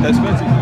That's expensive.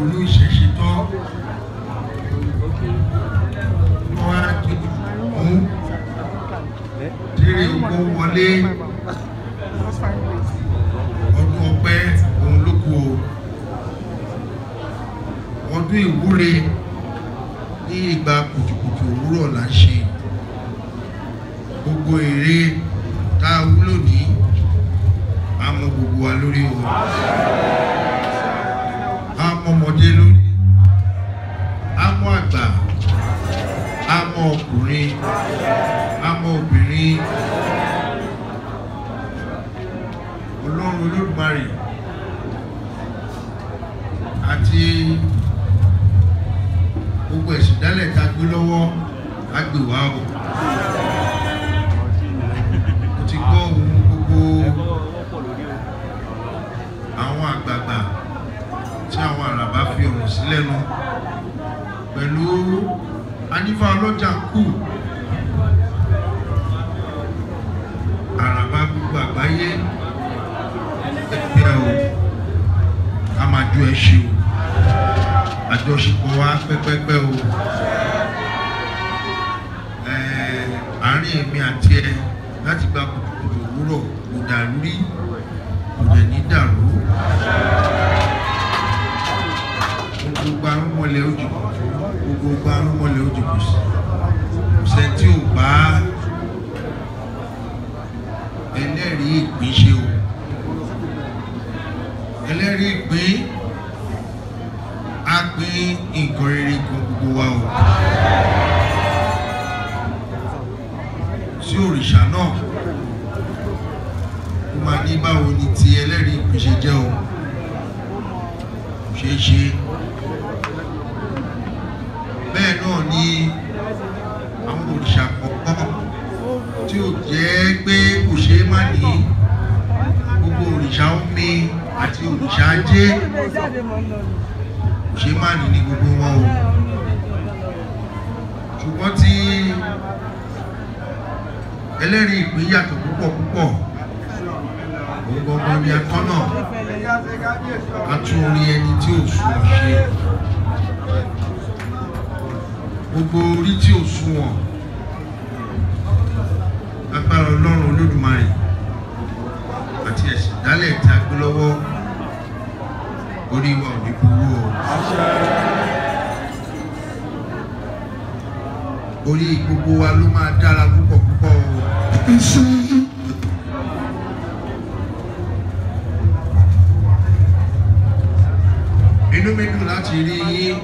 olú ìṣẹ̀ṣe tọ́ wọ́n á ti mú tíré owó wọlé ọdún ọpẹ́ òun ló kù o ọdún ìwúre ní ìgbà kùtùkùtù òwúrọ̀ là ń ṣe gbogbo èrè. olódùmarè àti gbogbo ẹ̀sìn dálẹ̀ tá a gbé lọ́wọ́ á gbè wá o. mo ti gbọ́ ohun gbogbo àwọn àgbààgbà tí àwọn àràbá fi ọ̀rọ̀ sí lẹ́nu pẹ̀lú anífà ọlọ́jà kù àràbá gbogbo àgbáyé. àjọ ẹ ṣe o àjọṣepọ̀ wa pẹ́pẹ́pẹ́ o àárín èmi àti ẹ láti gba kùtùkùtù òwúrọ̀ kò dàrú rí kò dẹ̀ ní dàrú gbogbo àrùn mọ́lẹ̀ òjò gbogbo àrùn mọ́lẹ̀ òjò kò sí kò ò bá ẹlẹ́rìí ìpín ṣe o ẹlẹ́rìí ìpín pé nǹkan rere kan gbogbo wa o. sí òrìṣà náà ó máa ní báwo ni ti ẹlẹ́rìí kò ṣe jẹ́ o ṣe é ṣe bẹ́ẹ̀ náà ni àwọn òrìṣà kọ̀ọ̀kan tí ò jẹ́ pé kò ṣe é má ní gbogbo òrìṣà omi àti òrìṣà ajé ṣe má ní ní gbogbo wọn o ṣùgbọ́n tí ẹlẹ́rìí ìpín yàtọ̀ púpọ̀ púpọ̀ òun gbọ́ngàn ni atọ́nà ká tún orin ẹni tí ò sùn ṣe gbogbo orí tí ò sùn wọn agbára ọlọ́run olódùmarè àti ẹ̀sìn dálẹ̀ tí a gbé lọ́wọ́ orí wa ò ní burú o. orí gbogbo wa ló máa dára púpọ̀ púpọ̀ o. inú mi dùn láti rí yín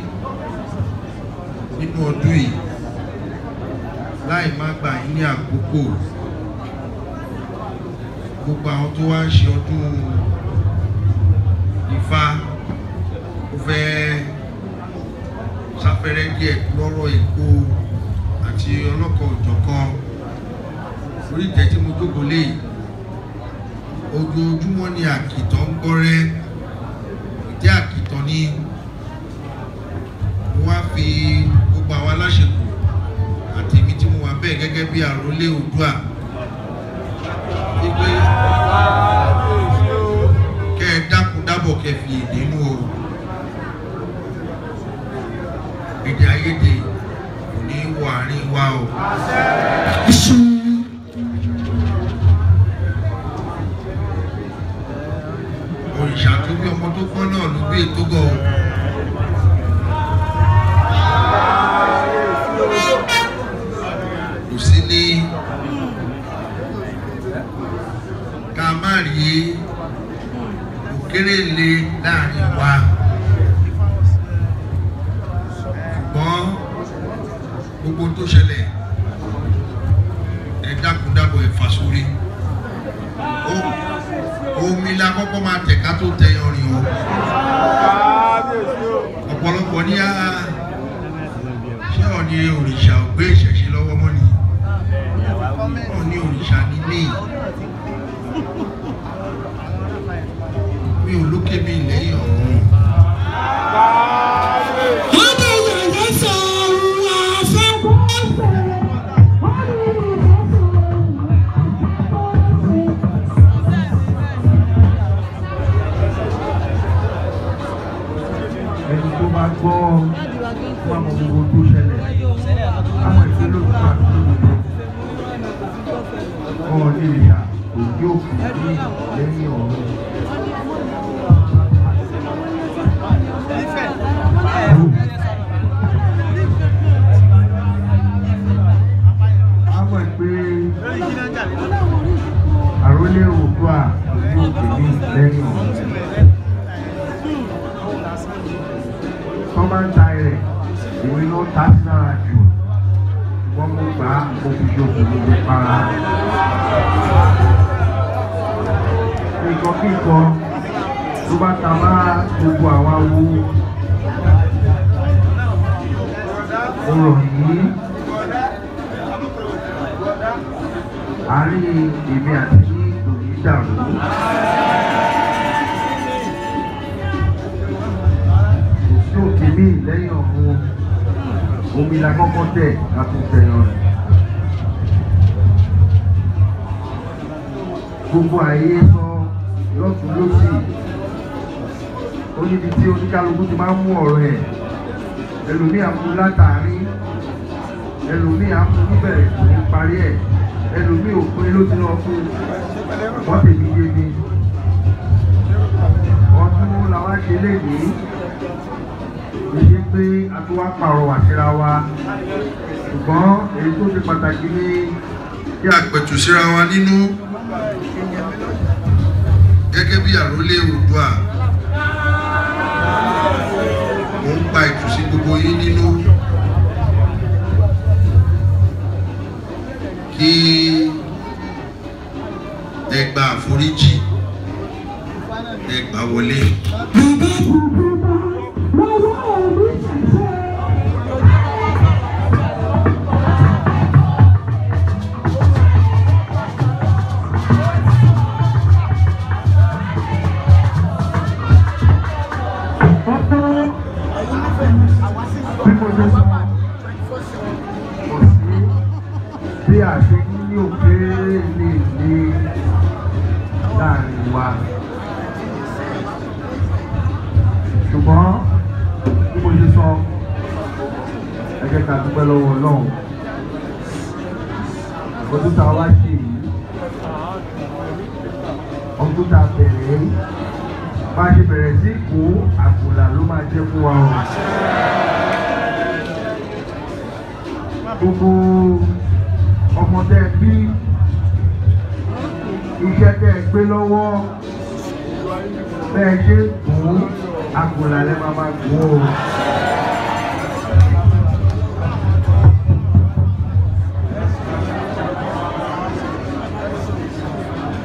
nínú ọdún yìí láì má gbà yín ní àkókò gbogbo àwọn tó wá ń ṣe ọdún Ifá fẹ́ sáfẹ́rẹ́ díẹ̀ lọ́rọ̀ èkó àti ọlọ́kọ̀ òjọ̀kan orí ìtẹ́ tí mo jókòó lé ojoojúmọ́ ni àkìtàn ń gbọ́rẹ́ ìtẹ́ àkìtàn ni wọ́n á fi gbogbo àwa láṣepọ̀ àtèmi tí mo wà bẹ́ẹ̀ gẹ́gẹ́ bí àròlé òdua wípé kẹ́ ẹ dákun dábọ̀ kẹ́ fi èdè nú o. èdè àìyedè kò ní wọ àárín wa o. òrìṣà tó bí ọmọ tó pọ́n náà ló gbé e tó gọ̀ ọ́. kò sí ní ká má rí òkèrè lé láàrin wa. gbogbo tó ṣẹlẹ̀ ẹ dákúndàbọ̀ ẹ fà sórí omi la kọ́kọ́ máa tẹ̀ ká tó tẹ ọrìn o ọ̀pọ̀lọpọ̀ ní a ṣé ọ̀ni òrìṣà ògbé ìṣẹ̀ṣe lọ́wọ́ mọ́ni ọ̀ni òrìṣà nílé yìí. i lẹ́yìn ọ̀hún. wọ́n máa ń ta ẹ̀rẹ̀ èmi ló ta sí lára jù wọ́n mú gbà para. ìkọ́kíkọ ló bá ta bá gbogbo àwa wo ọ̀rọ̀ yìí. àárín èmi àti ìdòwú dàrú. omi la kọ́kọ́ tẹ̀ láti tẹ̀yàn rẹ̀. gbogbo àyè sọ lọ́tún lọ́sì ó níbi tí oníkálukú ti máa ń mú ọ̀rọ̀ ẹ̀ ẹlòmíì àmú látàárín ẹlòmíì àmú níbẹ̀rẹ̀ kò ní parí ẹ̀ ẹlòmíì òpin ló ti lọ fún wọ́n tèmi yé mi ọdún làwọn ṣe léyìí pé a ti wá pàrọwà síra wa ṣùgbọ́n èyí tó ṣe pàtàkì ni kí a pẹ̀tù síra wa nínú gẹ́gẹ́ bí àrólé Oòduà mo ń gba ìtùsí gbogbo yín nínú kí ẹ àforíjì ẹ wọlé. bí a ṣe ń ní òkèèrè lè ní láàrin wa ṣùgbọ́n bí mo ṣe sọ ẹ jẹ́ ká dúpẹ́ lọ́wọ́ Ọlọ́run ọdún tá a wá ṣe yìí ọdún tá a bẹ̀rẹ̀ bá a ṣe bẹ̀rẹ̀ sí kó àpòlà ló máa jẹ́ fún wa o. gbogbo ọmọdé bí iṣẹ́ tẹ́ ẹ gbé lọ́wọ́ bẹ́ẹ̀ ṣe gùn àgbòlà lẹ́ máa máa gùn o.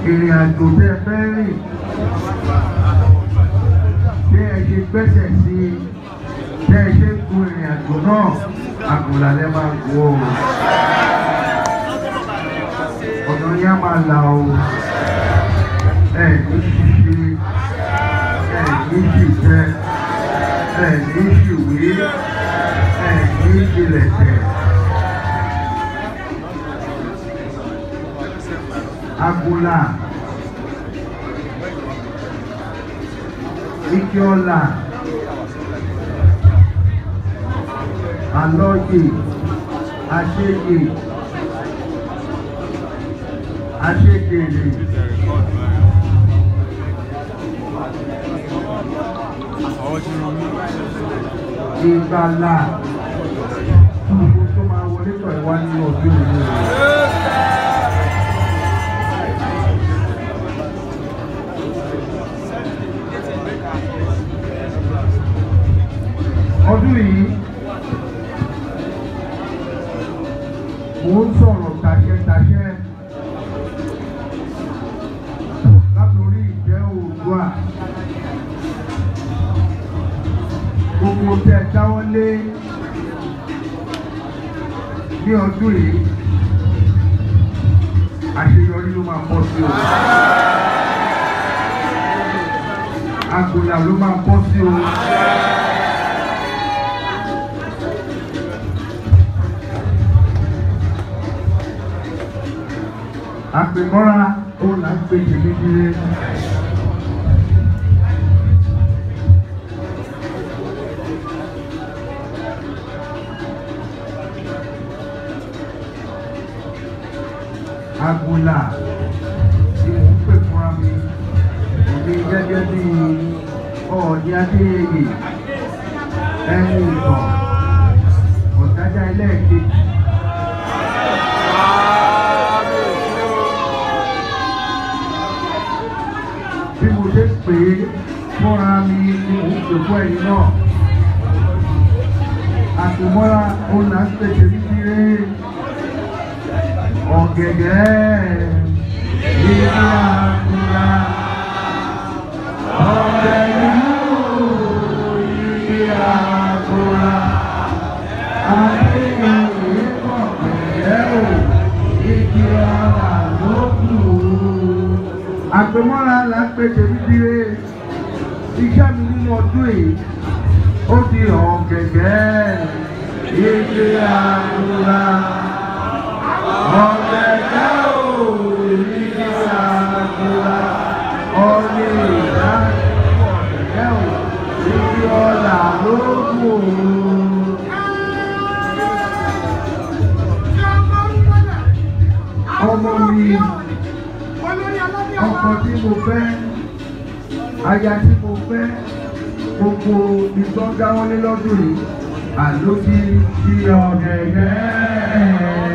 ìrìn àjò tẹ́ fẹ́ rìn ṣe gbẹ́sẹ̀ sí tẹ́ ẹ ṣe gùn ìrìn àjò náà àgùlà lẹ́ máa kú o ọ̀nà yẹn máa là o ẹ̀ ní ṣíṣe ẹ̀ ní ṣìṣẹ́ ẹ̀ ní ṣìwé ẹ̀ ní àlọ́yè àṣeyè àṣegèrè. ìgbàlà gbogbo tó máa wọlé tọ̀ wá ní ọdún ìlú ọdún yìí tẹ́ dáwọ́ lé ní ọdún yìí àṣeyọrí ló máa pọ̀ sí o àgbòyà ló máa pọ̀ sí o. àpèmọ́ra òun là ń pè é tèmi dire. Agola tí mò ń pè fúnra mi èmi gẹ́gẹ́ bí Ọ̀ọ̀ni Adéyẹyè ẹni ìtàn Ọ̀tájà ẹlẹ́ẹ̀kejì. bí mo ṣe pè é fúnra mi ni mò ń pè fún ẹ̀yin náà àtìmọ́ra òun là ń pèsè nídìí rèé ọ̀gẹ̀dẹ̀ ilé àkùrà ọ̀gẹ̀dẹ̀ ilé àkùrà àbẹ̀yẹ̀ ìrẹ́pọ̀ pẹ̀lẹ́ o igi ara ló kù. àpèmọ́ra la ń pèsè bíbíre iṣẹ́ mi nínú ọdún yìí ó di ọ̀gẹ̀dẹ̀ ilé àkùrà ọkọ tí mo fẹ́ aya tí mo fẹ́ gbogbo ìtọ́jáwọlé lọ́dún yìí àlókì kí ọ̀gẹ̀gẹ̀.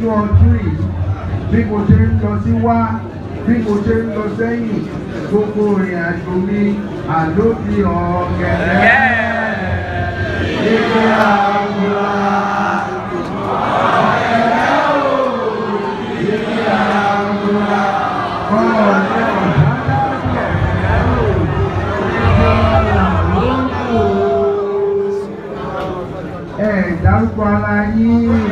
ń lọ three bí mo ṣe ń lọ sí wá bí mo ṣe ń lọ sẹ́yìn gbogbo ìrìn àjò mi àló fi ọ̀gẹ̀dẹ̀. Ìgbéra ọ̀gbọ̀n. dárúkọ ara yín.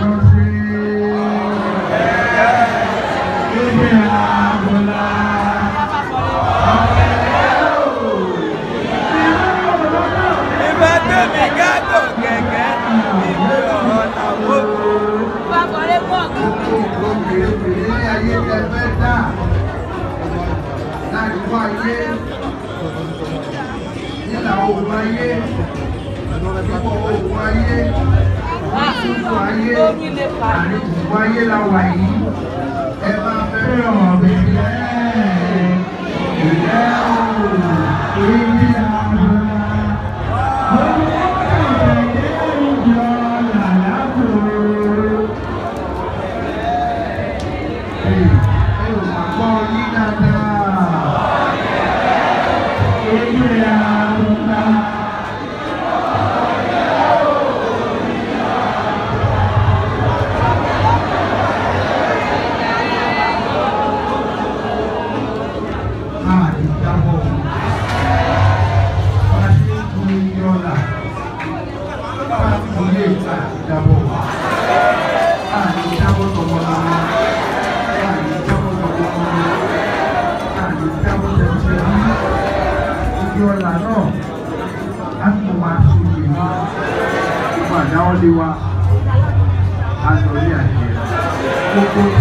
Thank you. àlejò wáyé la wà yìí ẹ máa fẹ́ràn dàpọ̀ ọ̀la tí ń kun iye ọ̀la ọ̀la tí kò lè ta dàpọ̀ àní dábọ̀ tọ̀wọ̀ lọ́wọ́ àní dábọ̀ tọ̀wọ̀ lọ́wọ́ àní dábọ̀ tẹ̀sẹ̀ ní iye ọ̀la náà á tún wá sórí ìlú ìpàdánwọ́lé wa á lọ rí àjẹ́ gbogbo.